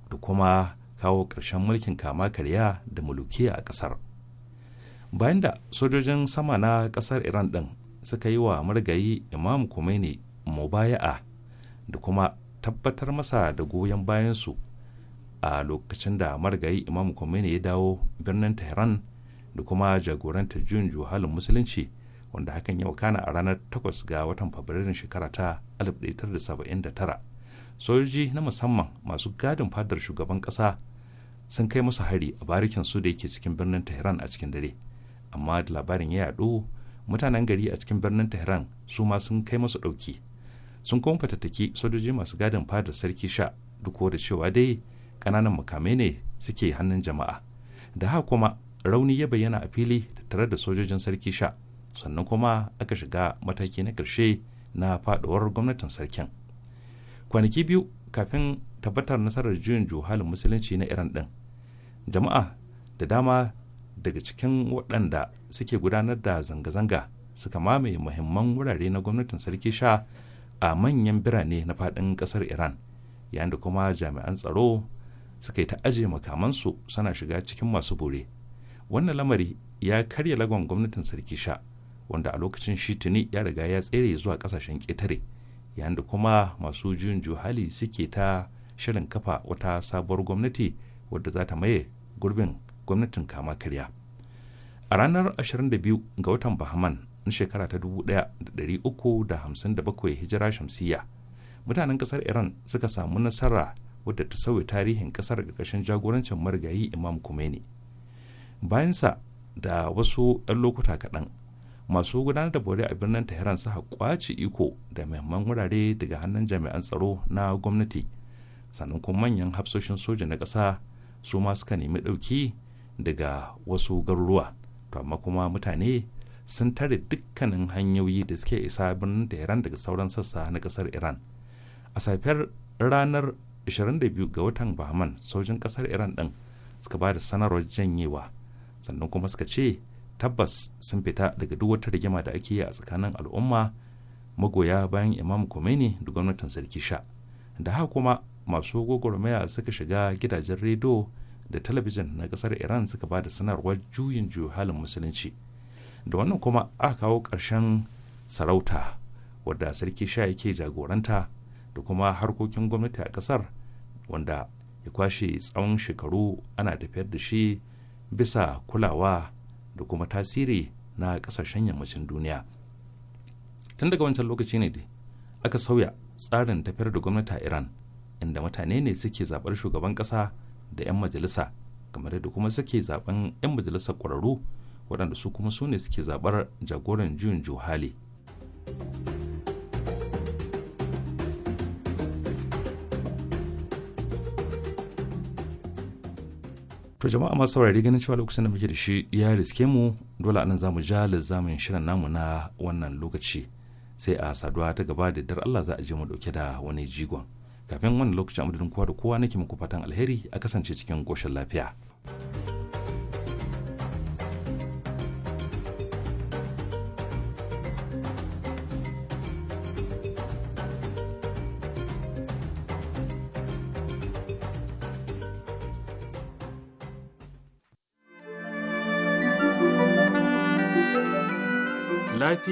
da kuma kawo ƙarshen mulkin kama karya da mulukiya a kasar bayan da sojojin sama na kasar iran ɗin suka yi wa marigayi imam Khomeini mubaya'a da kuma tabbatar masa da goyon bayansu a lokacin da margayi imam Khomeini ya dawo birnin tehran da kuma jagorantar jun juhalin musulunci wanda hakan ya wakana a ranar 8 ga watan fabrairun shekara ta 1979 sojoji na musamman masu gadin fadar shugaban kasa sun kai musu hari a barikin su da yake cikin birnin tehran a cikin dare amma da labarin ya yaɗu mutanen gari a cikin birnin tehran su ma sun kai musu ɗauki sun kuma fatattaki sojoji masu gadin fadar sarki sha duk da cewa dai ƙananan makamai ne suke hannun jama'a da ha kuma rauni ya bayyana a fili tattare da sojojin sarki sha sannan kuma aka shiga mataki na ƙarshe na faɗuwar gwamnatin sarkin kwanaki biyu kafin tabbatar nasarar juyin juhalin musulunci na iran ɗin jama'a da dama daga cikin waɗanda suke gudanar da zanga-zanga suka mamaye muhimman wurare na gwamnatin sarki sha a manyan birane na faɗin ƙasar iran yayin da kuma jami'an tsaro suka yi ta aje makamansu suna shiga cikin masu bore wannan lamari ya karya lagon gwamnatin sarki sha wanda a lokacin shi tuni ya riga ya tsere zuwa ƙasashen ƙetare yayin da kuma masu juyin juhali suke ta shirin kafa wata sabuwar gwamnati wadda za ta maye gurbin gwamnatin kama karya a ranar 22 ga watan bahaman na shekara ta dubu da da da uku hamsin bakwai hijira shamsiyya mutanen kasar iran suka samu nasara wadda ta sauya tarihin kasar ƙarƙashin jagorancin marigayi imam kumeni bayansa da wasu 'yan lokuta kaɗan masu gudanar da bore a birnin tehran suka kwaci iko da mahimman wurare daga hannun jami'an tsaro na gwamnati sannan kuma manyan hafsoshin soja na ƙasa su ma suka nemi ɗauki daga wasu garuruwa to amma kuma mutane sun tare dukkanin hanyoyi da suke isa birnin tehran daga sauran sassa na kasar iran a safiyar ranar 22 ga watan bahman sojin kasar iran din suka ba da sanarwar janyewa sannan kuma suka ce tabbas sun fita daga duk wata rigima da ake yi a tsakanin al'umma magoya bayan imam Khomeini da gwamnatin sarki sha da haka kuma masu gwagwarmaya suka shiga gidajen rediyo da talabijin na kasar iran suka ba da sanarwar juyin juyo halin musulunci da wannan kuma aka kawo ƙarshen sarauta wadda sarki sha yake jagoranta da kuma harkokin gwamnati a ƙasar wanda ya kwashe tsawon shekaru ana tafiyar da shi bisa kulawa da kuma tasiri na kasashen yammacin duniya tun daga wancan lokaci ne dai aka sauya tsarin tafiyar da gwamnati a iran inda mutane ne suke zaɓar shugaban ƙasa da 'yan majalisa kamar da kuma suke zaɓen 'yan majalisar ƙwararru waɗanda su kuma su ne suke zaɓar jagoran juyin juhali to jama'a masu saurari ganin cewa lokacin da muke da shi ya riske mu dole anan zamu ja lizamin shirin namu na wannan lokaci sai a saduwa ta gaba da dar Allah za a je mu dauke da wani jigon kafin wannan lokacin amadadin kowa da kowa nake muku fatan alheri a kasance cikin koshin lafiya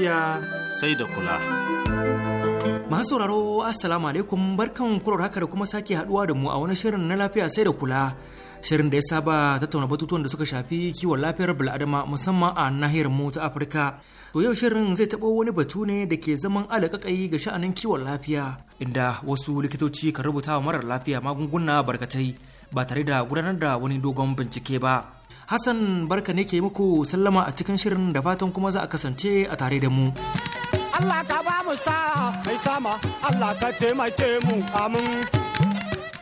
lafiya sai da kula. Masu sauraro Assalamu alaikum barkan kurar haka da kuma sake haduwa da mu a wani shirin na lafiya sai da kula. Shirin da ya saba tattauna batutuwan da suka shafi kiwon lafiyar bil'adama musamman a nahiyar mu ta Afirka. To yau shirin zai taɓo wani batu ne da ke zaman alaƙaƙai ga sha'anin kiwon lafiya inda wasu likitoci kan rubuta wa marar lafiya magunguna barkatai ba tare da gudanar da wani dogon bincike ba. Hassan barka ne ke muku sallama a cikin shirin da fatan kuma za a kasance a tare da mu. Allah ka ba mu sa'a mai sama Allah ka taimake mu amin.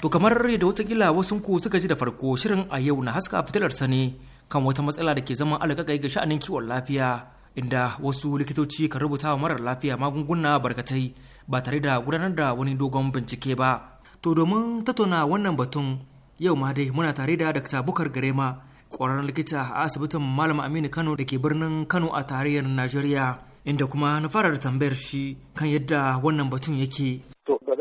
To kamar da watakila wasu ku suka ji da farko shirin a yau na haska fitilar sani kan wata matsala da ke zama alƙaƙai ga sha'anin kiwon lafiya inda wasu likitoci kan rubuta wa marar lafiya magunguna barkatai ba tare da gudanar da wani dogon bincike ba. To domin tattauna wannan batun yau ma dai muna tare da Dr. Bukar Garema ƙwararren likita a asibitin malam aminu kano da ke birnin kano a tarayyar najeriya inda kuma na fara da tambayar shi kan yadda wannan batun yake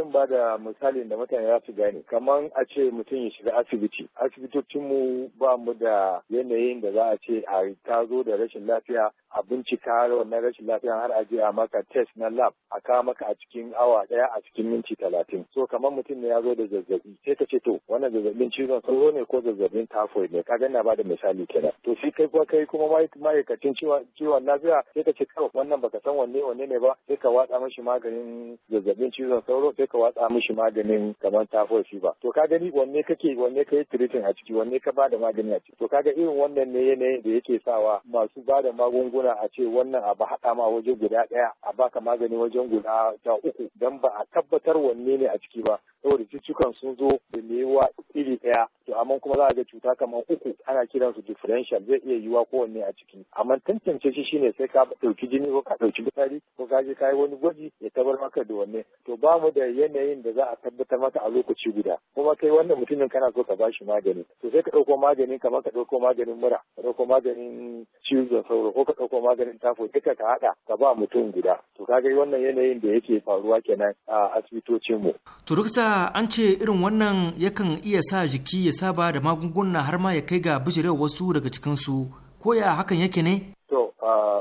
ba da misalin da mutane za su gane kamar a ce mutum ya shiga asibiti asibitocinmu ba mu da yanayin da za a ce a ta zo da rashin lafiya a bincika wannan rashin lafiya har a je a maka test na lab a kawo maka a cikin awa daya a cikin minti talatin so kamar mutum ne ya zo da zazzabi sai ka ce to wannan zazzabin cizon sauro ne ko zazzabin typhoid ne kaga na bada misali kenan to shi kai kuma kai kuma ma'aikacin ciwon lafiya sai ka ce kawai wannan baka san wanne wanne ne ba sai ka watsa mishi maganin zazzabin cizon sauro sai ka watsa mishi maganin kamar typhoid ba to ka gani wanne kake wanne kai treating a ciki wanne ka bada magani a ciki to kaga irin wannan ne yanayin da yake sawa masu bada magunguna magana a ce wannan abu haɗa ma waje guda ɗaya a baka magani wajen guda ta uku don ba a tabbatar wanne ne a ciki ba saboda cututtukan sun zo da mewa iri ɗaya to amma kuma za a ga cuta kamar uku ana kiran su differential zai iya yiwa kowanne a ciki amma tantance shi shine sai ka dauki jini ko ka ɗauki fitsari ko ka je kai wani gwaji ya tabar maka da wanne to ba mu da yanayin da za a tabbatar maka a lokaci guda kuma kai wannan mutumin kana so ka bashi magani to sai ka ɗauko magani kamar ka ɗauko maganin mura ka ɗauko maganin cizon sauro ko ka ɗauko maganin tafo duka ka haɗa ka ba mutum guda to kaga wannan yanayin da yake faruwa kenan a asibitocin mu. to duk an ce irin wannan yakan iya sa jiki ya saba da magunguna har ma ya kai ga bijirewa wasu daga cikinsu ko ya hakan yake ne? To, ah,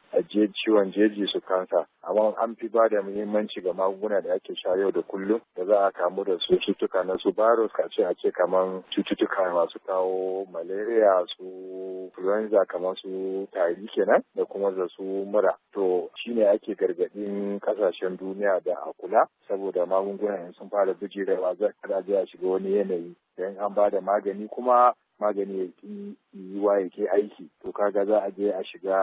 A ciwon jeji su kansa amma an fi ba da muhimmanci ga magunguna da ake sha yau da kullum da za a kamu da su cutuka na su virus ka ce a kaman cututtuka masu kawo malaria su influenza kamar su tari kenan da kuma da su mura to shine ake gargadin kasashen duniya da a kula saboda magunguna sun fara bijirewa za a shiga wani yanayi idan an ba da magani kuma magani ya ki yiwa ya ke aiki to kaga za a je a shiga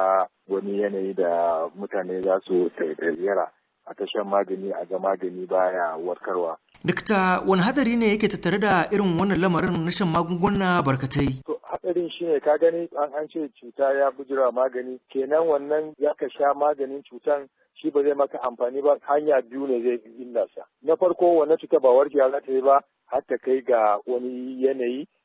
wani yanayi da mutane za su tsayayyara a tashan magani a ga magani baya warkarwa. Dikta wani hadari ne yake tattare da irin wannan lamarin na shan magunguna barkatai? To hadarin shi ne ka gani an ce cuta ya bujira magani kenan wannan ya ka sha maganin cutan shi ba zai maka amfani ba hanya biyu ne zai illa sa. Na farko wannan cuta ba warke za ta yi ba har ta kai ga wani yanayi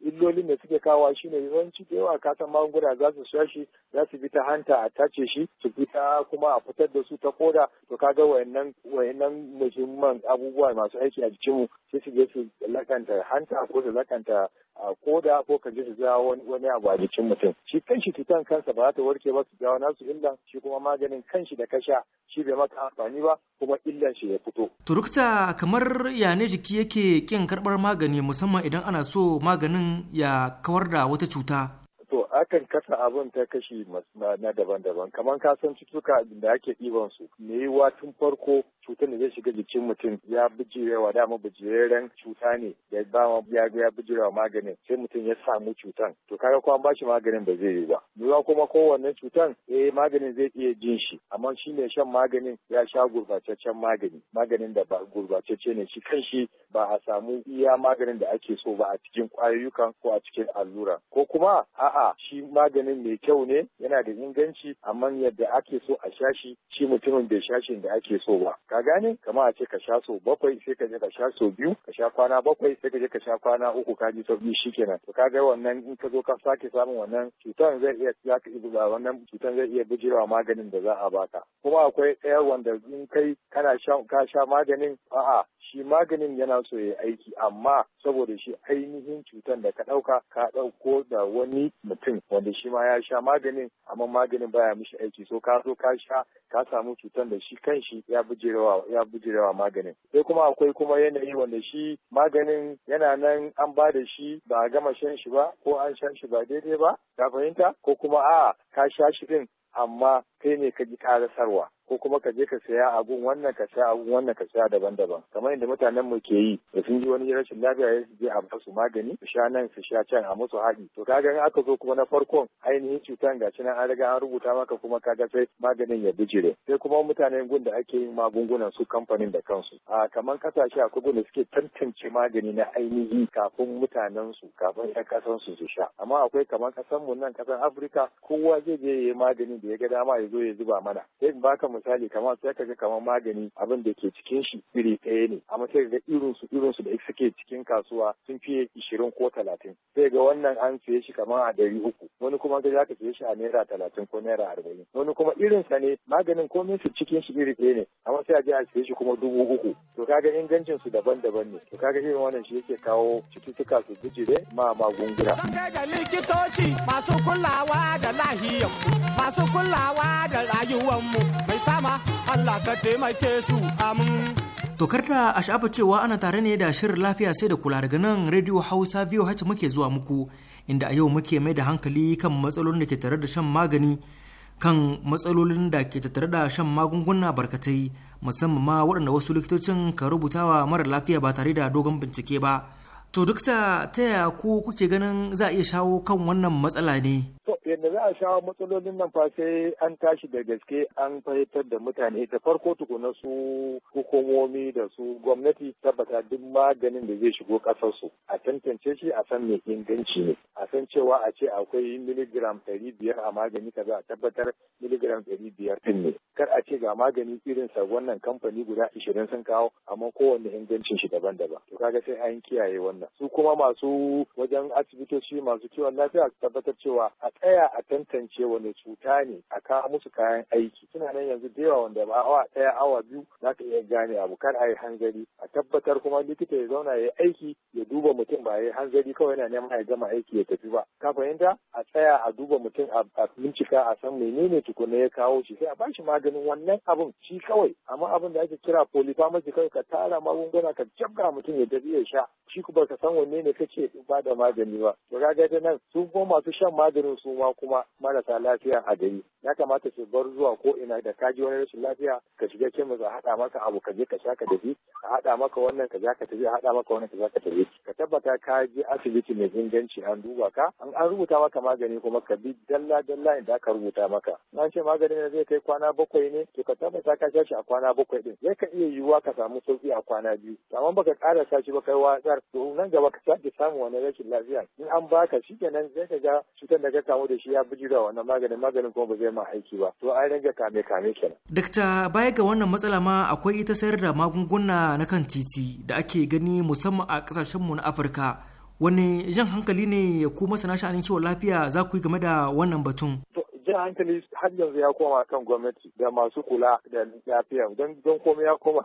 illolin da suke kawo shi ne yawanci da yawa kasan magunguna za su sha shi za su bi ta hanta a tace shi su bi ta kuma a fitar da su ta koda to kaga wayannan wayannan muhimman abubuwa masu aiki a jikinmu sai su je su lakanta hanta ko su lakanta a koda ko ka ji su jawo wani abu a jikin mutum shi kan shi cutan kansa ba za ta warke ba su jawo nasu illan shi kuma maganin kan shi da kasha shi bai maka amfani ba kuma illan shi ya fito. turukta kamar ya jiki yake kin karbar magani musamman idan ana so maganin ya kawar da wata cuta to akan kasa abin ta kashi na daban-daban kamar kasan cutuka da ake ɗiban su me yi tun farko cutar da zai shiga jikin mutum ya bijirewa dama bijireren cuta ne da ba ya ya bijirewa maganin sai mutum ya samu cutan to kaga kuma ba bashi maganin ba zai yi ba lura kuma kowanne cutan eh maganin zai iya jin shi amma shi ne shan maganin ya sha gurbataccen magani maganin da ba gurbatacce ne shi kan shi ba a samu iya maganin da ake so ba a cikin kwayoyukan ko a cikin allura ko kuma a'a shi maganin mai kyau ne yana da inganci amma yadda ake so a sha shi shi mutumin bai sha shi da ake so ba ka gane kamar a ce ka sha so bakwai sai ka je ka sha so biyu ka sha kwana bakwai sai ka je ka sha kwana uku ka ji sauki shikenan to ka ga wannan in ka zo ka sake samun wannan cutan zai iya ya ka ibuza wannan cutan zai iya bijirewa maganin da za a baka kuma akwai ɗaya wanda in kai kana sha ka sha maganin a'a shi maganin yana so ya aiki amma saboda shi ainihin cutar da ka ɗauka ka ɗauko da wani mutum wanda shi ma ya sha maganin amma maganin baya mishi aiki so ka zo ka sha ka samu cutar da shi kanshi ya bujirewa ya bujirewa maganin sai kuma akwai kuma yanayi wanda shi maganin yana nan an ba da shi ba a gama shan shi ba ko an sha shi ba daidai ba ka fahimta ko kuma a'a ka sha shi din amma kai ne ka ji karasarwa ko kuma ka je ka saya abun wannan ka saya abun wannan ka saya daban-daban kamar inda mutanen mu ke yi da sun ji wani rashin lafiya ya je a basu magani su sha nan su sha can a musu haɗi to kaga in aka zo kuma na farkon ainihin cutan ga nan an riga an rubuta maka kuma ka ga sai maganin ya bijire sai kuma mutanen gun da ake yin magungunan su kamfanin da kansu a kamar kasashe akwai gun da suke tantance magani na ainihi kafin mutanen su kafin ƴan kasan su su sha amma akwai kamar kasan mu nan kasan Afirka kowa zai je ya yi magani da ya ga dama ya zo ya zuba mana sai baka misali kamar sai ga kamar magani abin da ke cikin shi iri ɗaya ne amma sai ga irin su irin su da suke cikin kasuwa sun fiye ishirin ko talatin sai ga wannan an siye shi kamar a ɗari uku wani kuma ga zaka siye shi a naira talatin ko naira arba'in wani kuma irin sa ne maganin komai su cikin shi iri ɗaya ne amma sai a je a siye shi kuma dubu uku to kaga ingancin su daban-daban ne to kaga irin wannan shi yake kawo cututtuka su bijire ma magunguna. Sun kai ga likitoci masu kulawa da lahiyar masu kulawa da mu mai sama Allah ka taimake su amin. kar da a sha'afa cewa ana tare ne da shirin lafiya sai da kula daga nan Radio Hausa VOH muke zuwa muku inda a yau muke mai da hankali kan matsalolin da ke tare da shan magani kan matsalolin da ke tattare da shan magunguna barkatai musamman ma waɗanda wasu likitocin ka rubutawa mara lafiya ba tare da dogon bincike ba. To duk ta yaya ku kuke ganin za a iya shawo kan wannan matsala ne? To yadda za a shawo matsalolin nan fa sai an tashi da gaske an fahimtar da mutane ta farko tukuna su hukumomi da su gwamnati tabbata duk maganin da zai shigo ƙasarsu a tantance shi a san mai inganci ne a san cewa a ce akwai miligram ɗari biyar a magani kaza a tabbatar miligram ɗari biyar ɗin ne kar a ce ga magani irin sa wannan kamfani guda ishirin sun kawo amma kowanne ingancin shi daban-daban to kaga sai an kiyaye wannan su kuma masu wajen asibitoci masu kiwon lafiya su tabbatar cewa a tsaya a tantance wani cuta ne a kawo musu kayan aiki suna nan yanzu da yawa wanda ba awa ɗaya awa biyu za ka iya gane abu kar a yi hanzari a tabbatar kuma likita ya zauna ya yi aiki ya duba mutum ba ya yi hanzari kawai yana neman ya gama aiki ya tafi ba ka fahimta a tsaya a duba mutum a bincika a san menene tukuna ya kawo shi sai a bashi maganin wannan abun shi kawai amma abin da ake kira polypharmacy kawai ka tara magunguna ka jabga mutum ya tafi ya sha shi ku ba ka san wanne ne kace ba da magani ba to ga nan su kuma masu shan maganin su. su ma kuma marasa lafiya a gari ya kamata su bar zuwa ko ina da kaji wani rashin lafiya ka shiga kemis a haɗa maka abu ka je ka sha ka tafi a haɗa maka wannan ka za ka tafi a haɗa maka wannan ka za ka tafi ka tabbata ka je asibiti mai inganci an duba ka an an rubuta maka magani kuma ka bi dalla dalla inda aka rubuta maka an ce maganin da zai kai kwana bakwai ne to ka tabbata ka sha shi a kwana bakwai din zai ka iya yiwuwa ka samu sauki a kwana biyu amma baka ƙara sa shi ba kai watsar to nan gaba ka sake samu wani rashin lafiya in an baka shi kenan zai ka ga cutar da ka kamu da shi ya buji da wannan maganin maganin kuma ba zai ma aiki ba to an rage kame kame kenan. dakta baya ga wannan matsala ma akwai ita sayar da magunguna na kan titi da ake gani musamman a kasashen mu na afirka wani jan hankali ne ku masana sha'anin kiwon lafiya za ku yi game da wannan batun. jan hankali har yanzu ya koma kan gwamnati da masu kula da lafiya don komai ya koma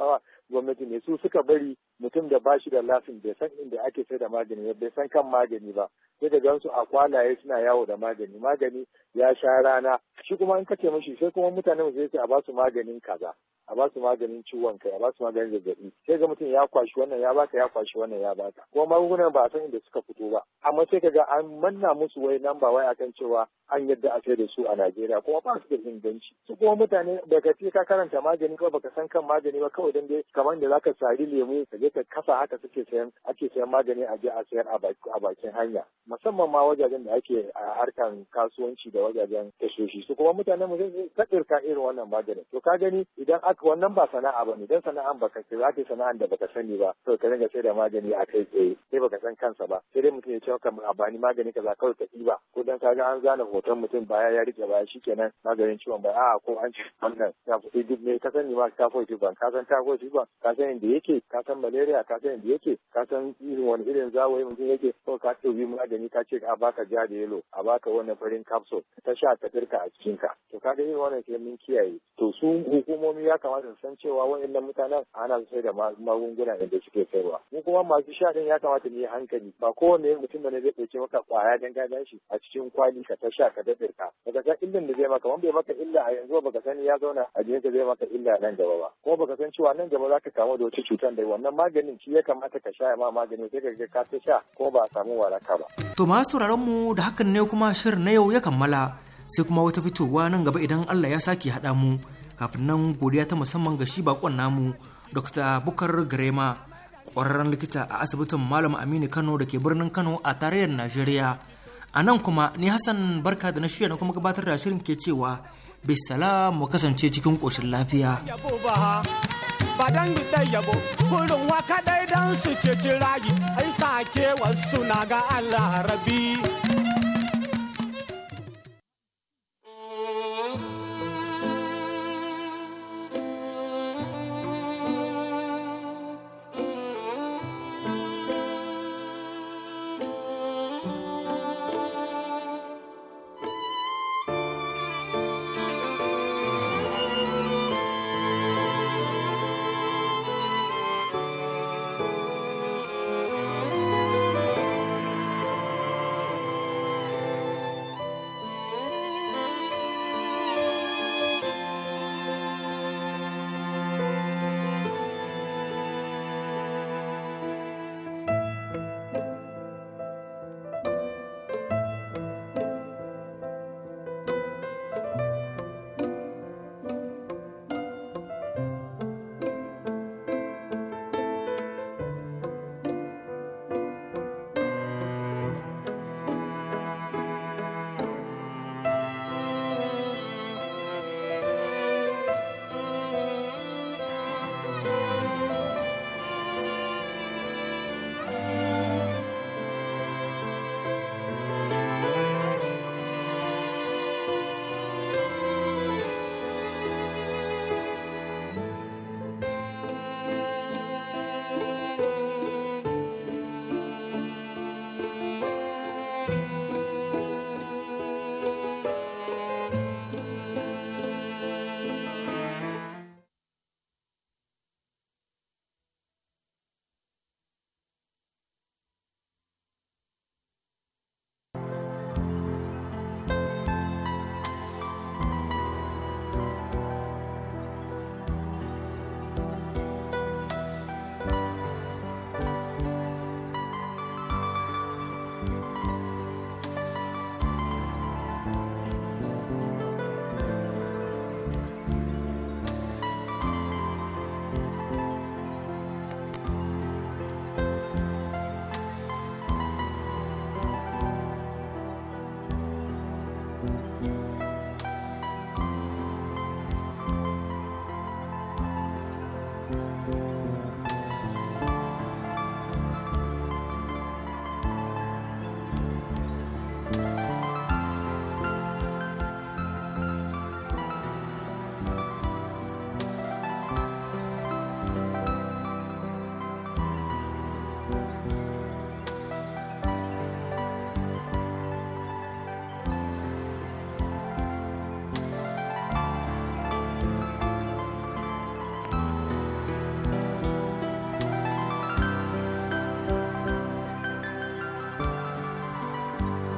gwamnati ne su suka bari mutum da bashi da lasin bai san inda ake sai da magani ba bai san kan magani ba sai da gansu a kwalaye suna yawo da magani magani ya sha rana shi kuma in kace mashi sai kuma mutane mu sai a ba su maganin kaza a ba su maganin ciwon kai a ba su maganin zazzabi sai ga mutum ya kwashi wannan ya baka ya kwashi wannan ya baka kuma magungunan ba a san inda suka fito ba amma sai kaga an manna musu wai nan ba wai akan cewa an yadda a sai da su a Najeriya kuma ba su da inganci su kuma mutane daga ka karanta magani kuma baka san kan magani ba kawai dan dai kamar da zaka sari lemu ka je ka kasa haka suke sayan ake sayan magani a je a sayar a bakin hanya musamman ma wajajen da ake a harkan kasuwanci da wajajen tashoshi su kuma mutanen mu sai kadirka irin wannan maganin to ka gani idan aka wannan ba sana'a ne idan sana'an baka ce za ka sana'an da baka sani ba to ka dinga sai da magani a kai tsaye sai baka san kansa ba sai dai mutum ya ce ka amfani magani kaza kawai ka ba. ko dan kaga an zana hoton mutum baya ya rike baya shikenan maganin ciwon baya a ko an ci wannan ya fi duk ne ka sani ma ka fi ban ka san ta fi ban ka san inda yake ka san malaria ka san inda yake ka san irin wani irin zawayi mutum yake ko ka ɗauki magani ka ce a baka ja da yelo a baka wannan farin capsule ta sha ta firka a cikinka to ka ga irin wannan sai mun kiyaye to su hukumomi ya kamata su san cewa waɗannan mutanen ana sai da magunguna da suke sayarwa mu kuma masu sha din ya kamata mu yi hankali ba kowane mutum ne zai ɗauke maka kwaya dan ga shi a cikin kwali ka ta sha ka da firka daga san illan da zai maka wanda ya maka illa a yanzu baka sani ya zauna a jikinka zai maka illa nan gaba ba kuma baka san cewa nan gaba za ka kamu da wata cutar da wannan maganin shi ya kamata ka sha ma maganin sai ka ga ka ta sha ko ba a samu waraka ba. To masu sauraron mu da hakan ne kuma shirin na yau ya kammala sai kuma wata fitowa nan gaba idan Allah ya sake haɗa mu kafin nan godiya ta musamman ga shi bakon namu Dr. Bukar Garema ƙwararren likita a asibitin Malam Aminu Kano da ke birnin Kano a tarayyar Najeriya. A nan kuma ni Hassan Barka da na shirya na kuma gabatar da shirin ke cewa bisala mu kasance cikin koshin lafiya. ba dan da yabo kurin waka dai dan su ceci rayi ai sake wasu na ga Allah rabi